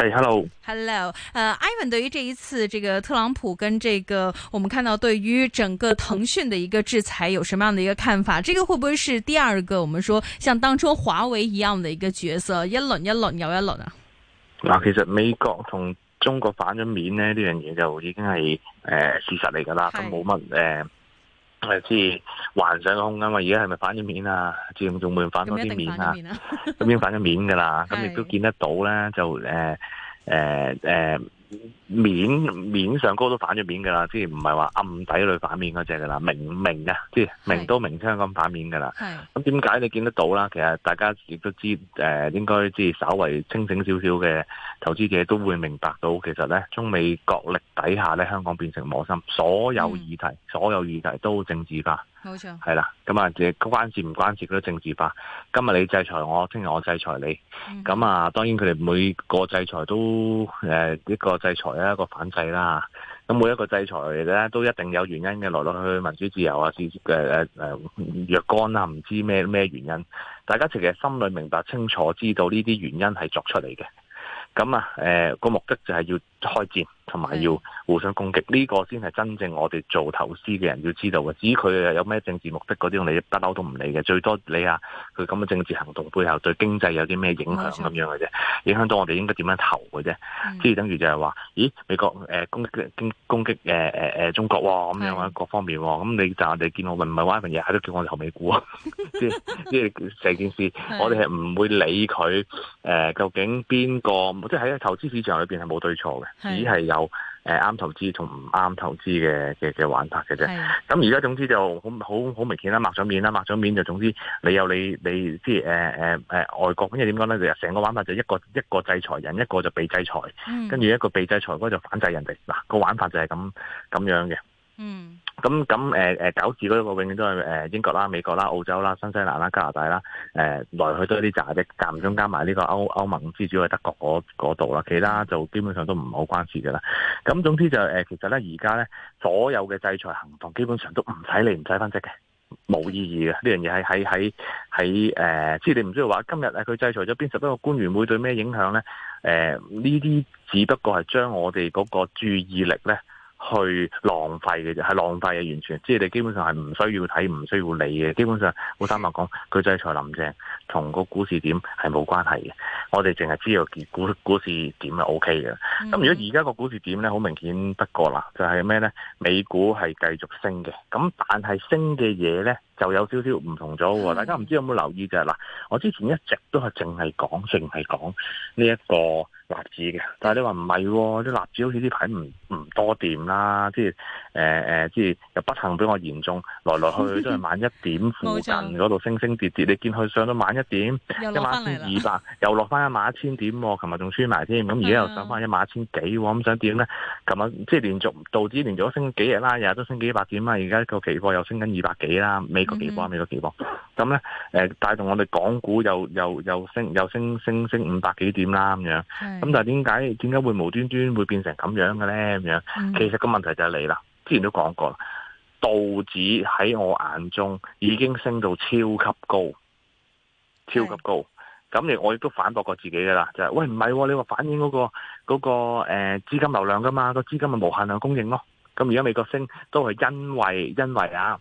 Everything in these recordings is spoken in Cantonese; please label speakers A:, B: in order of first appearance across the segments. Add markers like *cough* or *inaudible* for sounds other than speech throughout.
A: Hey, hello,
B: hello, 誒、uh,，Ivan 對於這一次這個特朗普跟這個，我們看到對於整個騰訊的一個制裁，有什麼樣的一個看法？這個會不會是第二個我們說像當初華為一樣的一個角色一輪一輪又一,一輪啊？
C: 嗱，其實美國同中國反咗面呢呢樣嘢就已經係誒、呃、事實嚟㗎喇，都冇乜誒。Hey. 呃係知 *noise* 幻想嘅空啊嘛，而家係咪反咗面啊？仲仲會唔會反多啲面啊？咁、啊、 *laughs* 已經反咗面噶啦，咁 *laughs* 亦、嗯、都見得到咧，就誒誒誒。呃呃呃面面上高都反咗面噶啦，即係唔係話暗底裏反面嗰隻噶啦，明唔明啊？即係明刀明槍咁反面噶啦。咁點解你見得到啦？其實大家亦都知誒、呃，應該即係稍微清醒少少嘅投資者都會明白到，其實咧中美角力底下咧，香港變成磨心，所有議題，嗯、所有議題都政治化。冇錯。係啦，咁啊，即係關事唔關事都政治化。今日你制裁我，聽日我制裁你。咁、嗯、啊，當然佢哋每個制裁都誒、呃、一個制裁。一個反制啦，咁每一個制裁咧都一定有原因嘅，來來去去民主自由啊，自誒誒誒若干啦，唔知咩咩原因，大家其實心裏明白清楚，知道呢啲原因係作出嚟嘅，咁啊誒個目的就係要。開戰同埋要互相攻擊，呢、這個先係真正我哋做投資嘅人要知道嘅。至於佢有咩政治目的嗰啲，我哋不嬲都唔理嘅。最多理下佢咁嘅政治行動背後對經濟有啲咩影響咁樣嘅啫，影響到我哋應該點樣投嘅啫。即係等於就係話，咦，美國誒、呃、攻擊攻擊誒誒誒中國喎、哦，咁樣各方面喎、哦，咁你就我哋見我唔係玩份嘢，都叫我哋投美股啊。即係即係成件事，我哋係唔會理佢誒、呃，究竟邊個，即係喺投資市場裏邊係冇對錯嘅。只係有誒啱、呃、投資同唔啱投資嘅嘅嘅玩法嘅啫。咁而家總之就好好好明顯啦，抹咗面啦，抹咗面就總之你有你你即係誒誒誒外國。因為點講咧，就成個玩法就一個一個制裁人，一個就被制裁，嗯、跟住一個被制裁嗰就反制人哋。嗱、那，個玩法就係咁咁樣嘅。嗯。咁咁誒誒，搞事嗰個永遠都係、欸、英國啦、美國啦、澳洲啦、新西蘭啦、加拿大啦，誒、欸、來去都係啲炸的，間中加埋呢個歐，歐盟之主喺德國嗰度啦，其他就基本上都唔好關事嘅啦。咁總之就是欸、其實咧而家咧，所有嘅制裁行動基本上都唔使你唔使分析嘅，冇意義嘅。樣呃、呢樣嘢係喺喺喺誒，即係你唔需要話今日啊，佢制裁咗邊十一個官員會對咩影響咧？誒呢啲只不過係將我哋嗰個注意力咧。去浪費嘅啫，係浪費嘅完全，即係你基本上係唔需要睇，唔需要理嘅。基本上，好坦白講，佢制裁林鄭，同個股市點係冇關係嘅。我哋淨係知道股股市點係 OK 嘅。咁如果而家個股市點咧，好明顯不過啦，就係咩咧？美股係繼續升嘅，咁但係升嘅嘢咧就有少少唔同咗喎。大家唔知有冇留意就係嗱，我之前一直都係淨係講淨係講呢一個納指嘅，但係你話唔係，啲納指好似啲牌唔唔多掂啦，即係誒、呃、即係又不幸比我嚴重，來來去去都係萬一點附近嗰度升升跌跌。 *laughs* 你見佢上到萬一點，一萬一千二百，又落翻一萬一千點，琴日仲輸埋添，咁而家又上翻一萬千幾，咁想點咧？咁啊，即係連續道指連續升幾日啦，日日都升幾百點啦，而家個期貨又升緊二百幾啦，美國幾磅、嗯嗯，美國幾磅，咁咧誒，帶動我哋港股又又又升，又升升升五百幾點啦咁樣。咁但係點解點解會無端端會變成咁樣嘅咧？咁樣、嗯，其實個問題就係你啦，之前都講過啦，道指喺我眼中已經升到超級高，超級高。咁你我亦都反駁過自己㗎啦，就係、是、喂唔係、哦、你話反映嗰、嗰個嗰、嗰個資金流量㗎嘛，嗰個資金咪無限量供應咯。咁而家美國升都係因為因為啊。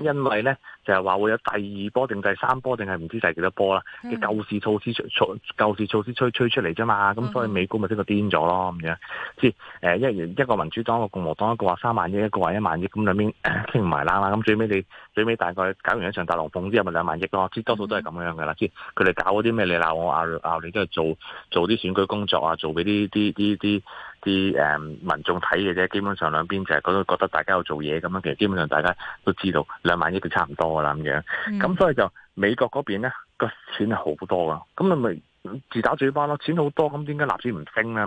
C: 因為咧就係話會有第二波定第三波定係唔知第幾多波啦，啲救市措施出出救市措施吹吹出嚟啫嘛，咁、嗯、所以美股咪即係癲咗咯咁樣，即係誒一一個民主黨一個共和黨一個話三萬億，一個話一萬億，咁兩邊傾唔埋啦，嘛咁最尾你最尾大概搞完一場大龍鳳之後咪兩萬億咯，即多數都係咁樣噶啦，即佢哋搞啲咩你鬧我啊啊你都係做做啲選舉工作啊，做俾啲啲啲啲。啲民眾睇嘅啫，基本上兩邊就係覺得覺得大家有做嘢咁樣，其實基本上大家都知道兩萬億都差唔多啦咁樣，咁、嗯、所以就美國嗰邊咧個錢係好多噶，咁咪咪自打嘴巴咯，錢好多咁點解納指唔升咧？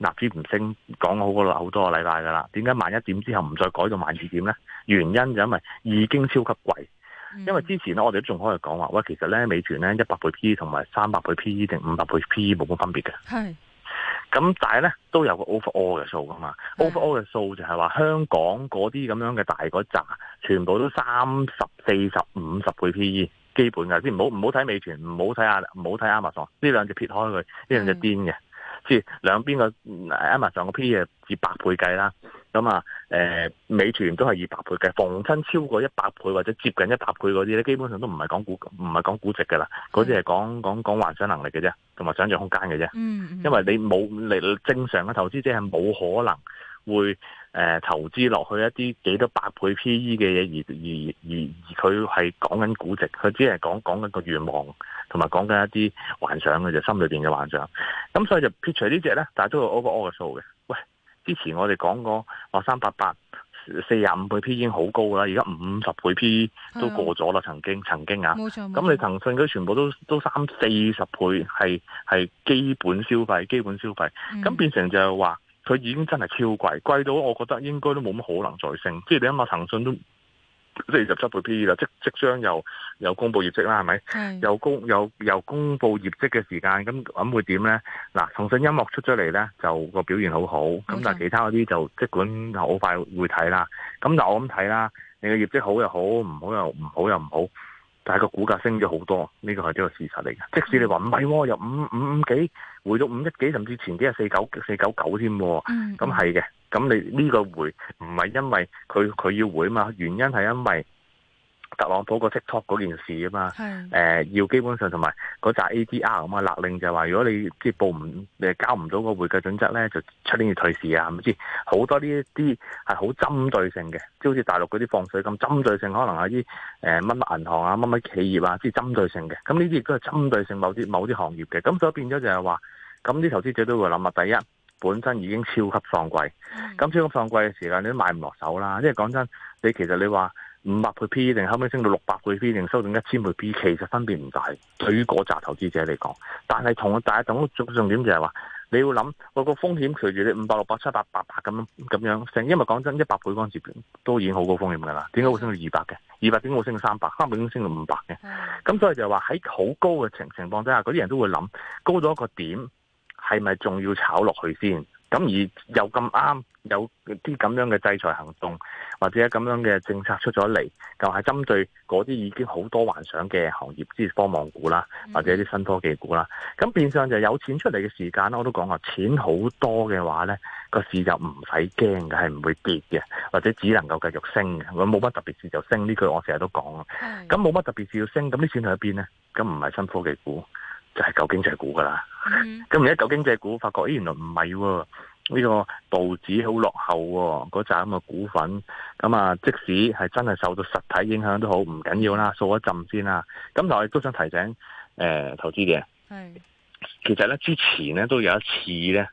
C: 納指唔升講好個好多個禮拜噶啦，點解萬一點之後唔再改到萬二點咧？原因就因為已經超級貴，嗯、因為之前咧我哋都仲可以講話，喂，其實咧美團咧一百倍 PE 同埋三百倍 PE 定五百倍 PE 冇乜分別嘅。係。咁但係呢都有個 overall 嘅數噶嘛，overall 嘅數就係話香港嗰啲咁樣嘅大嗰扎全部都三十四十五十倍 PE 基本嘅，先唔好唔好睇美團，唔好睇阿唔好睇阿 Amazon 呢兩隻，撇開佢，呢兩隻癲嘅，即係兩邊嘅阿 Amazon 個 PE 至百倍計啦。咁啊，誒，美團都係二百倍嘅，逢親超過一百倍或者接近一百倍嗰啲咧，基本上都唔係講估唔係講估值嘅啦，嗰啲係講講講幻想能力嘅啫，同埋想象空間嘅啫。嗯，嗯，因為你冇你正常嘅投資者係冇可能會誒、呃、投資落去一啲幾多百倍 P E 嘅嘢，而而而而佢係講緊估值，佢只係講講緊個願望，同埋講緊一啲幻想嘅啫，心裏面嘅幻想。咁所以就撇除呢隻咧，但係都要 over all 嘅數嘅。之前我哋講過話三八八四十五倍 P 已經好高啦，而家五十倍 P 都過咗啦。曾經曾經啊，咁你騰訊佢全部都都三四十倍，係係基本消費，基本消費。咁、嗯、變成就係話，佢已經真係超貴，貴到我覺得應該都冇乜可能再升。即係你諗下騰訊都。即係十七倍 P 啦，即即將又又公布業績啦，係咪？又公佈又又，又公布業績嘅時間，咁咁會點咧？嗱，騰訊音樂出咗嚟咧，就個表現好好，咁、okay. 但係其他嗰啲就即管好快會睇啦。咁嗱，我咁睇啦，你嘅業績好又好，唔好又唔好又唔好。但係個股價升咗好多，呢個係呢個事實嚟嘅、嗯。即使你話唔係，又五五五幾，回到五一幾，甚至前幾日四九四九九添。咁係嘅，咁你呢個回唔係因為佢佢要回啊嘛？原因係因為。特朗普個 TikTok 嗰件事啊嘛，要、呃、基本上同埋嗰扎 ADR 啊嘛，勒令就係話，如果你即係報唔誒交唔到個會計準則咧，就出年要退市啊，係咪先？好多呢啲係好針對性嘅，即係好似大陸嗰啲放水咁，針對性可能係啲誒乜乜銀行啊、乜乜企業啊，即係針對性嘅。咁呢啲亦都係針對性某啲某啲行業嘅。咁所以變咗就係話，咁啲投資者都會諗啊，第一本身已經超級放貴，咁超級放貴嘅時間你都買唔落手啦。因為講真，你其實你話。五百倍 P，定後尾升到六百倍 P，定收到一千倍 P，其實分別唔大，對於嗰紮投資者嚟講。但係同我大一種，重重點就係話，你要諗我個風險隨住你五百、六百、七百、八百咁樣咁樣升，因為講真，一百倍嗰陣時都已經好高風險噶啦。點解會升到二百嘅？二百點會升到三百，三百點升到五百嘅？咁所以就係話喺好高嘅情情況底下，嗰啲人都會諗，高咗一個點，係咪仲要炒落去先？咁而又咁啱有啲咁樣嘅制裁行動或者咁樣嘅政策出咗嚟，就係、是、針對嗰啲已經好多幻想嘅行業，即係科網股啦，或者啲新科技股啦。咁變相就有錢出嚟嘅時間啦。我都講啊，錢好多嘅話咧，個市就唔使驚嘅，係唔會跌嘅，或者只能夠繼續升嘅。我冇乜特別事就升呢句我，我成日都講，咁冇乜特別事要升，咁啲錢去咗邊咧？咁唔係新科技股，就係、是、舊經濟股噶啦。咁而家舊經濟股，發覺誒、哎，原來唔係呢個道指好落後嗰扎咁嘅股份。咁啊，即使係真係受到實體影響都好，唔緊要啦，掃一陣先啦。咁但係都想提醒誒、欸，投資嘅係，其實咧之前咧都有一次咧，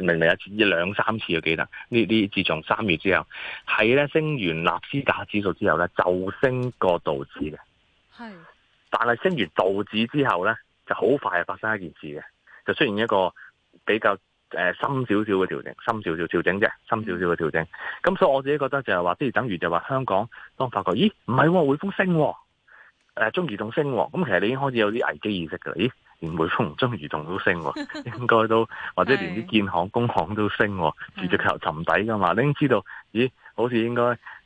C: 明明一次，一兩三次嘅記得呢啲。自從三月之後，係咧升完納斯達指數之後咧，就升過道指嘅。係，但係升完道指之後咧，就好快係發生一件事嘅。就出現一個比較誒、呃、深少少嘅調整，深少少調整啫，深少少嘅調整。咁所以我自己覺得就係話，即係等於就話香港當發覺，咦？唔係匯豐升、哦，誒、呃、中移動升、哦，咁其實你已經開始有啲危機意識嘅啦。咦？連匯豐、中移動都升、哦， *laughs* 應該都或者連啲建行、工行都升、哦，住持續沉底噶嘛？ *laughs* 你已經知道，咦？好似應該。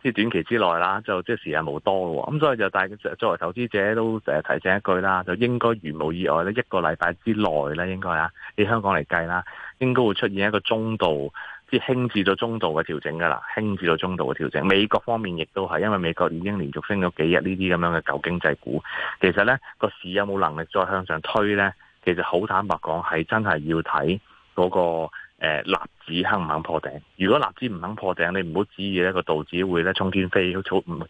C: 即短期之內啦，就即時日冇多咯，咁所以就大嘅作作為投資者都成日提醒一句啦，就應該如無意外咧，一個禮拜之內咧，應該啊，以香港嚟計啦，應該會出現一個中度，即輕至到中度嘅調整噶啦，輕至到中度嘅調整。美國方面亦都係，因為美國已經連續升咗幾日呢啲咁樣嘅舊經濟股，其實咧個市有冇能力再向上推咧？其實好坦白講，係真係要睇嗰個。誒納指肯唔肯破頂？如果納指唔肯破頂，你唔好指意咧個道指會咧沖天飛，唔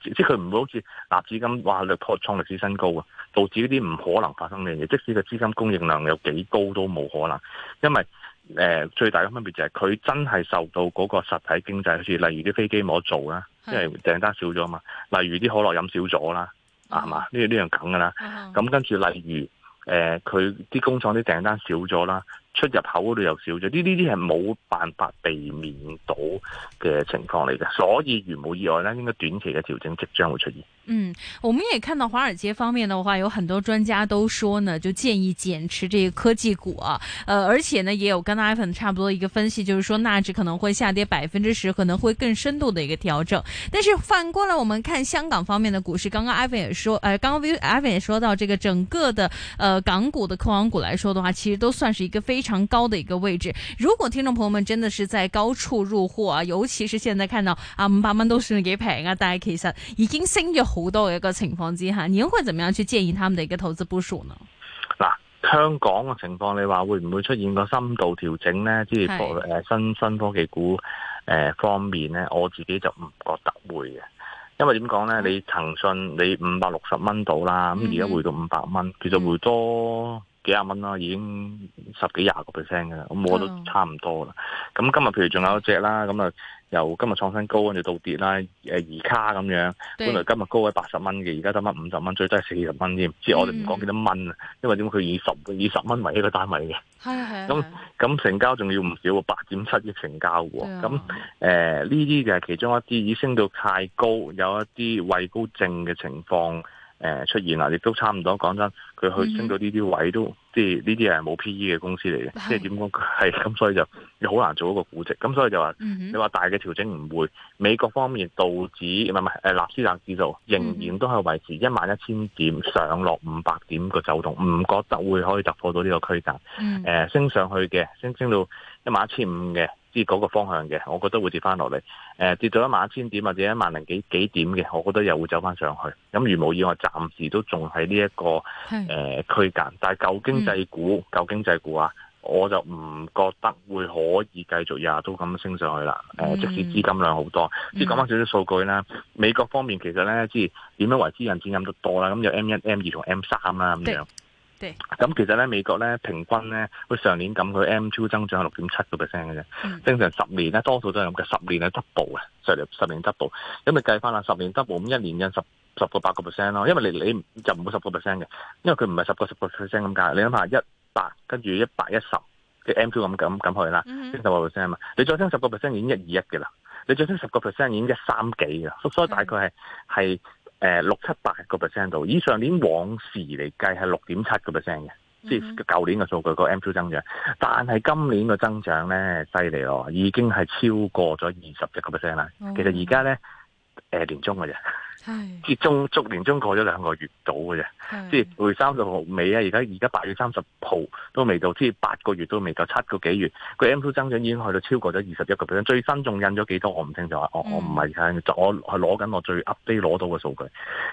C: 即係佢唔會好似納指咁話掠破創歷史新高啊！道指呢啲唔可能發生嘅嘢，即使個資金供應量有幾高都冇可能，因為誒、呃、最大嘅分別就係、是、佢真係受到嗰個實體經濟，好似例如啲飛機冇得做啦，因為訂單少咗啊嘛，例如啲可樂飲少咗、嗯啊、啦，係、嗯、嘛？呢呢樣梗㗎啦，咁跟住例如誒佢啲工廠啲訂單少咗啦。出入口嗰度又少咗，呢呢啲係冇辦法避免到嘅情況嚟嘅，所以如冇意外咧，應該短期嘅調整即將會出現。
B: 嗯，我們也看到華爾街方面的話，有很多專家都說呢，就建議減持這個科技股啊，呃，而且呢，也有跟 Ivan 差不多一個分析，就是說納指可能會下跌百分之十，可能會更深度的一個調整。但是反過來，我們看香港方面的股市，剛剛 Ivan 也說，誒、呃，剛剛 Ivan 也說到，這個整個的，呃，港股的科網股來說的話，其實都算是一個非常，非常高的一個位置，如果聽眾朋友們真的是在高處入貨啊，尤其是現在看到啊，五百蚊都算幾平啊，但係其實已經升咗好多嘅一個情況之下，你會怎麼樣去建議他們哋嘅一個投資部署呢？
C: 嗱，香港嘅情況，你話會唔會出現個深度調整呢？即係誒新新科技股誒、呃、方面呢，我自己就唔覺得會嘅，因為點講呢？你騰訊你五百六十蚊到啦，咁而家回到五百蚊，其實會多。嗯幾廿蚊啦，已經十幾廿個 percent 㗎喇，咁我都差唔多啦。咁、嗯、今日譬如仲有一隻啦，咁啊由今日創新高跟住到跌啦，誒二卡咁樣，本來今日高位八十蚊嘅，而家得翻五十蚊，最低四十蚊添。即係我哋唔講幾多蚊，嗯，因為點解佢以十以十蚊為一個單位嘅？係係。咁咁成交仲要唔少喎，八點七億成交喎。咁誒呢啲就係其中一啲，已升到太高，有一啲畏高症嘅情況。誒、呃，出現啦，亦都差唔多，講真，佢去升到呢啲位都，即係呢啲係冇 P E 嘅公司嚟嘅，即係點講係咁，所以就好難做一個估值。咁所以就話、嗯，你話大嘅調整唔會。美國方面道指唔係唔係，誒、呃、納斯達克指數仍然都係維持一萬一千點上落五百點個走動，唔覺得會可以突破到呢個區間。誒、嗯呃、升上去嘅，升升到一萬一千五嘅。啲、那、嗰個方向嘅，我覺得會跌翻落嚟，誒、呃、跌到一萬一千點或者一萬零幾幾點嘅，我覺得又會走翻上去。咁如無意外，暫時都仲喺呢一個誒、呃、區間。但係舊經濟股、嗯、舊經濟股啊，我就唔覺得會可以繼續廿都咁升上去啦。誒、嗯呃，即使資金量好多，即係講翻少少數據啦。美國方面其實咧，即係點樣維持印錢印得多啦？咁有 M 一、M 二同 M 三啦咁樣。咁其實咧，美國咧平均咧，佢上年咁佢 M two 增長係六點七個 percent 嘅啫。正、嗯、常十年咧，多數都係咁嘅。十年係 double 嘅，上十年 double。咁、嗯、你計翻啦，十年 double 咁一年印十十個八個 percent 咯。因為你你,你就冇十個 percent 嘅，因為佢唔係十個十個 percent 咁計。你諗下一百，跟住一百一十嘅 M two 咁咁咁去啦，升十個 percent 啊嘛。你再升十個 percent 已經一二一嘅啦，你再升十個 percent 已經一三幾啦。所以大概係係。嗯誒、呃，六七八個 percent 度，以上年往事嚟計係六點七個 percent 嘅，即係舊年嘅數據個 M2 增長，但係今年嘅增長咧犀利咯，已經係超過咗二十一個 percent 啦。Mm -hmm. 其實而家咧，誒、呃，年中嘅啫。係，至終足年中過咗兩個月到嘅啫，即係月三十號尾啊！而家而家八月三十號都未到，即係八個月都未夠七個幾月，個 M2 增長已經去到超過咗二十一個 percent，最新仲印咗幾多我唔清楚啊！我我唔係啊，我係攞緊我最 update 攞到嘅數據。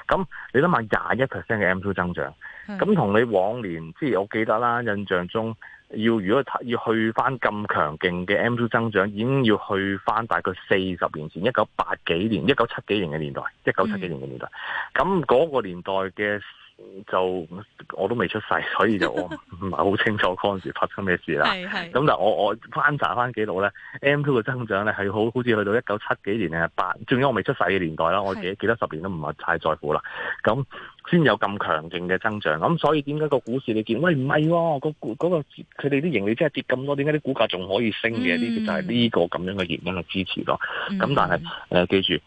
C: 咁你諗下廿一 percent 嘅 M2 增長，
A: 咁同你
C: 往年即係我記得啦，印象中。要如果要去翻咁強勁嘅 M2 增長，已經要去翻大概四十年前，一九八幾年、一九七幾年嘅年代，一九七幾年嘅年代。咁、嗯、嗰個年代嘅就我都未出世，所以就我唔係好清楚嗰陣時發生咩事啦。咁 *laughs* 但係我我翻查翻紀錄呢 M2 嘅增長呢係好好似去到一九七幾年啊八，仲要我未出世嘅年代啦。我幾記得 *laughs* 十年都唔係太在乎啦。咁。先有咁強勁嘅增長，咁所以點解個股市你見？喂唔係，哦嗰個股嗰，嗰個佢哋啲盈利真係跌咁多，點解啲股價仲可以升嘅？呢、嗯、啲就係呢個咁樣嘅原因嘅支持咯。咁、嗯、但係誒、呃、記住誒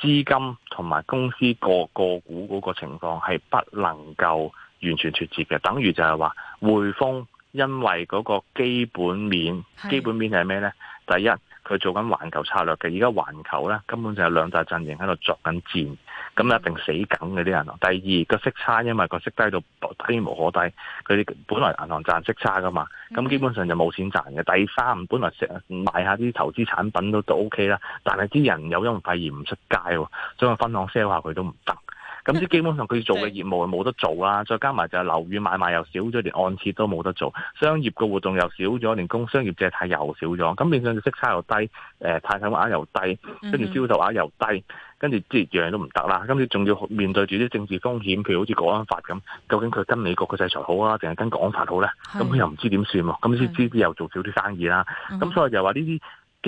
C: 資、呃、金同埋公司個個股嗰個情況係不能夠完全脫節嘅，等於就係話匯豐因為嗰個基本面，基本面係咩咧？第一佢做緊環球策略嘅，而家環球咧根本就係兩大陣營喺度作緊戰。咁一定死梗嗰啲銀行。第二個息差，因為個息低到低無可低，佢哋本來銀行賺息差噶嘛，咁基本上就冇錢賺嘅。第三，本來賣下啲投資產品都都 OK 啦，但係啲人有唔惠而唔出街，所以分行 sell 下佢都唔得。咁 *laughs* 即基本上佢做嘅業務冇得做啦，再加埋就樓宇買賣又少咗，連按揭都冇得做，商業嘅活動又少咗，連工商業借貸又少咗。咁變相息差又低，誒、呃、貸款額又低，跟住銷售額又低，跟住即係樣樣都唔得啦。今次仲要面對住啲政治風險，譬如好似國安法咁，究竟佢跟美國嘅制裁好啊，定係跟國安法好咧？咁佢又唔知點算喎。咁先知啲又做少啲生意啦。咁所以就話呢啲。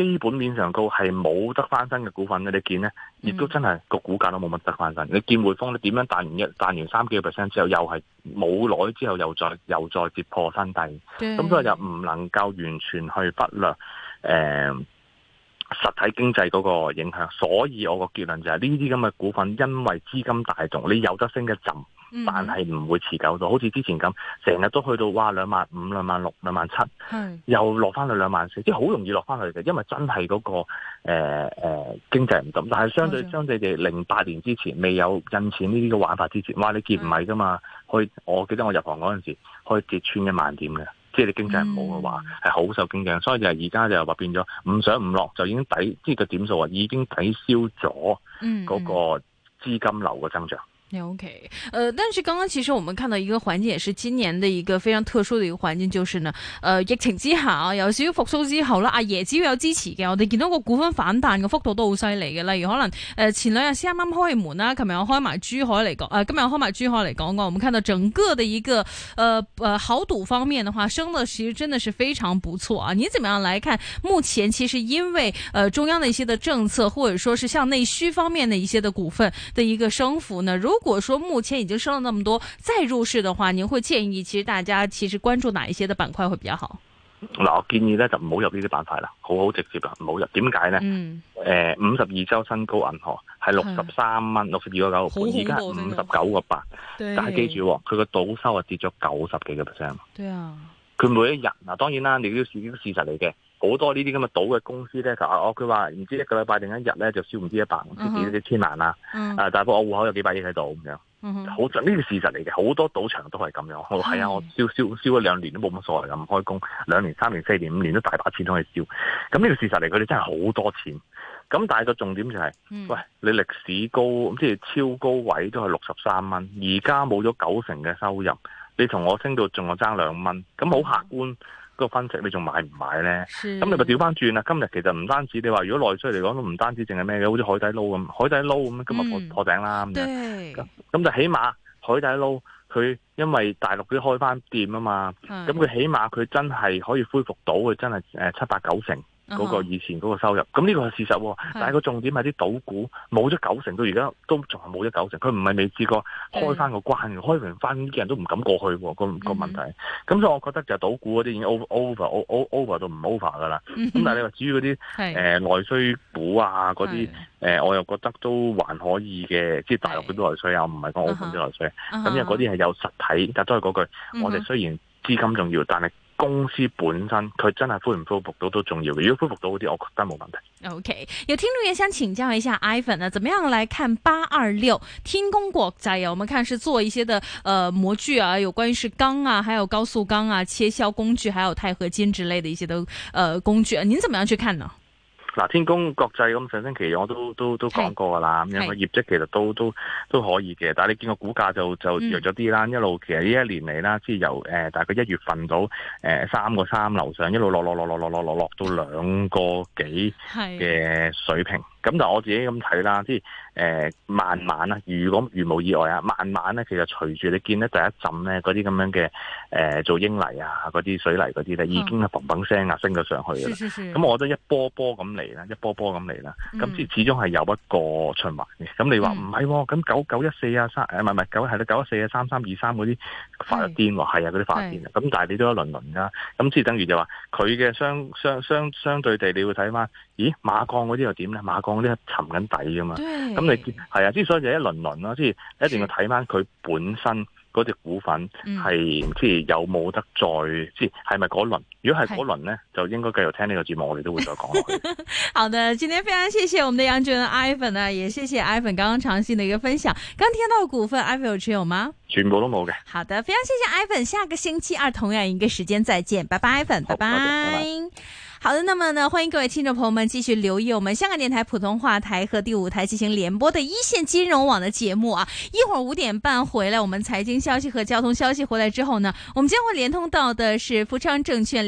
C: 基本面上高係冇得翻身嘅股份，你見呢，亦都真係、嗯、個股價都冇乜得翻身。你見匯豐，你點樣彈完一彈完三幾個 percent 之後，又係冇耐之後又再又再跌破新低。咁所以就唔能夠完全去忽略誒、呃、實體經濟嗰個影響。所以我個結論就係呢啲咁嘅股份，因為資金大動，你有得升嘅就。但係唔會持久到，好似之前咁，成日都去到哇兩萬五、兩萬六、兩萬七，又落翻去兩萬四，即係好容易落翻去嘅。因為真係嗰、那個誒誒、呃呃、經濟唔咁，但係相對相對地，零八年之前未有印錢呢啲嘅玩法之前，哇你結唔係噶嘛？可以我記得我入行嗰陣時可以跌穿一萬點嘅，即係你經濟唔好嘅話係好、嗯、受經濟所以就係而家就話變咗唔上唔落，就已經抵，即、就、係、是、個點數啊，已經抵消咗嗰個資金流嘅增長。嗯嗯。
B: OK，誒、呃，但是剛剛其實我們看到一個環境，也是今年的一個非常特殊的一個環境，就是呢，誒、呃、疫情之下、啊，有少少復蘇之後啦，阿、啊、爺只要有支持嘅，我哋見到個股份反彈嘅、這個、幅度都好犀利嘅，例如可能誒、呃、前兩日先啱啱開門啦，琴日我開埋珠海嚟講，誒、啊、今日開埋珠海嚟講，咁我們看到整個的一個，誒、呃、誒、呃、豪賭方面的話升得其實真的是非常不錯啊！你怎麼樣來看？目前其實因為，誒、呃、中央的一些的政策，或者說是向內需方面的一些的股份的一個升幅呢？如如果說目前已經升了那麼多，再入市的話，你會建議其實大家其實關注哪一些的板塊會比較好？
C: 嗱，我建議咧就唔好入呢啲板塊啦，好好直接啦，唔好入。點解咧？誒、嗯，五十二周新高銀，銀行係六十三蚊，六十二個九，而家係五十九個八，
A: 但係記住
C: 佢、哦、個倒收啊跌咗九十幾個 percent。對啊，佢每一日嗱，當然啦，你啲都事實嚟嘅。好多呢啲咁嘅賭嘅公司咧，就話佢話唔知一個禮拜定一日咧，就燒唔知一百唔知幾多幾千萬啦。啊，mm -hmm. Mm -hmm. 但係我戶口有幾百億喺度咁樣。
A: 好，呢
C: 個事實嚟嘅，好多賭場都係咁樣。係啊，我燒燒燒咗兩年都冇乜所謂咁開工，兩年、三年、四年、五年都大把錢都可以燒。咁呢個事實嚟，佢哋真係好多錢。咁但係個重點就係、是，mm -hmm. 喂，你歷史高即係超高位都係六十三蚊，而家冇咗九成嘅收入，你同我升到仲有爭兩蚊，咁好客觀。Mm -hmm. 個分析你仲買唔買呢？咁你咪調翻轉啦。今日其實唔單止你話，如果內需嚟講都唔單止，淨係咩嘅？好似海底撈咁，海底撈咁，今日破破頂啦。咁、嗯、咁就起碼海底撈佢，因為大陸啲開翻店啊嘛，咁佢起碼佢真係可以恢復到，佢真係誒七八九成。嗰、那個以前嗰個收入，咁、uh、呢 -huh. 個係事實喎、哦。但係個重點係啲賭股冇咗九成，到而家都仲係冇咗九成。佢唔係未試過開翻個關，開平翻開完翻啲人都唔敢過去個、哦、個問題。咁、uh -huh. 所以，我覺得就係賭股嗰啲已經 over over over over 到唔 over 㗎啦。咁、uh -huh. 但係你話至於嗰啲誒內需股啊嗰啲，誒、呃、我又覺得都還可以嘅，即係大陸嗰啲內需又唔係講澳門啲內需。咁、uh -huh. 因為嗰啲係有實體，uh -huh. 但都係嗰句，uh -huh. 我哋雖然資金重要，但係。公司本身佢真係恢唔恢復，不複到都重要嘅，如果恢復到嗰啲，我覺得冇問題。
B: OK，有聽眾也想請教一下 iPhone 那怎麼樣來看八二六天功國仔有，我們看是做一些的，呃，模具啊，有關於是鋼啊，還有高速鋼啊，切削工具，還有鈦合金之類的一些的，呃，工具、啊，您怎麼樣去看呢？
C: 嗱，天工國際咁上星期我都都都講過啦，咁樣嘅業績其實都都都可以嘅，但係你見個股價就就弱咗啲啦，嗯、一路其實呢一年嚟啦，即係由誒大概一月份到誒三個三樓上，一路落落落落落落落落到兩個幾嘅水平。咁就我自己咁睇啦，即係誒慢慢啦。如果如無意外啊，慢慢咧其實隨住你見咧第一陣咧嗰啲咁樣嘅誒、呃、做英泥啊、嗰啲水泥嗰啲咧，已經係砰砰聲啊升咗上去嘅啦。咁、嗯、我覺得一波波咁嚟啦，一波波咁嚟啦，咁即係始終係有一個循環嘅。咁你話唔係？咁九九一四啊，三誒唔係唔九係九一四啊，三三二三嗰啲發咗癲喎，係啊嗰啲發癲啊。咁、啊、但係你都一輪輪㗎。咁即係等於就話佢嘅相相相相，相對地你要睇翻，咦馬鋼嗰啲又點咧？馬呢沉緊底噶嘛，咁你係啊，之所以就一輪輪咯，即係一定要睇翻佢本身嗰隻股份係即係有冇得再即係係咪嗰輪？是如果係嗰輪呢，就應該繼續聽呢個節目，我哋都會再講下
B: *laughs* 好的，今天非常謝謝我們的楊俊文 ivan 啊，也謝謝 ivan 剛剛長信的一個分享。剛聽到股份，ivan 有持有嗎？
C: 全部都冇嘅。
B: 好的，非常謝謝 ivan。下個星期二同樣一個時間再見，拜拜，i ivan 拜拜，謝謝，拜拜。好的，那麼呢，歡迎各位聽眾朋友們繼續留意我們香港電台普通話台和第五台進行聯播的一線金融網的節目啊。一會兒五點半回來，我們財經消息和交通消息回來之後呢，我們將會連通到的是富昌證券。